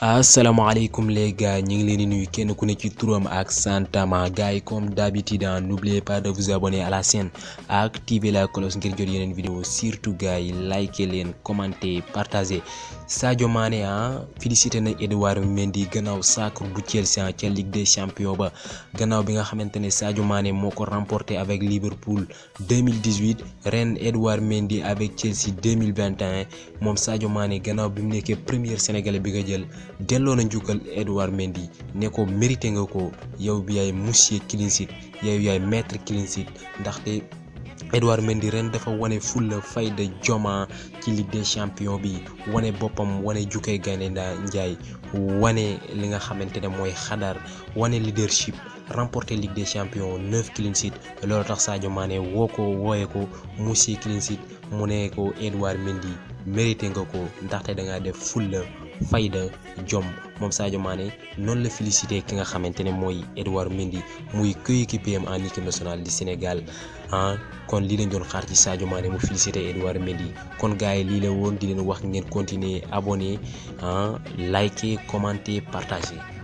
asalaamaaleykum les gars ñu ngi leen di nuyu kenn ku ne ci turam ak santama gars yi comme d'habitude n'oubliez pas de vous abonner à la chaîne activer la cloche ngir jot yeneen vidéo surtout gars yi liker leen commenter partager Sadio Mané ah félicité na Edouard Mendy gannaaw sacre bu Chelsea ca Ligue des Champions ba gannaaw bi nga xamante ne Sadio Mané moo ko remporté avec Liverpool 2018 ren Edouard Mendy avec Chelsea 2021 moom Sadio Mané gannaaw bi mu nekkee premier sénégalais bi nga jël. delloo na njukkal Edouard Mendy ne ko mérité nga ko yow bi yaay monsieur clean sheet yow yaay maître clean ndaxte Edouard Mendy ren dafa wane fulla fayda joma ci Ligue des champions bi wane boppam wane jukkee gaynde njaay wane li nga xamante ne mooy xadar wane leadership remporté Ligue des champions neuf clean sheet loolu tax Sadio Mané woo ko wooye ko monsieur clean mu ne ko Edouard Mendy mérité nga ko ndaxte da def fulla fayda jom moom Sadio Mané noonu la félicité ki nga xamante ne mooy Edouard Mendy muy coéquipier am en équipe nationale Sénégal ah kon lii lañ doon xaar ci Sadio Mané mu félicité Edouard Mendy kon gars yi lii la woon di leen wax ngeen continuer abonné ah liker commenter partager.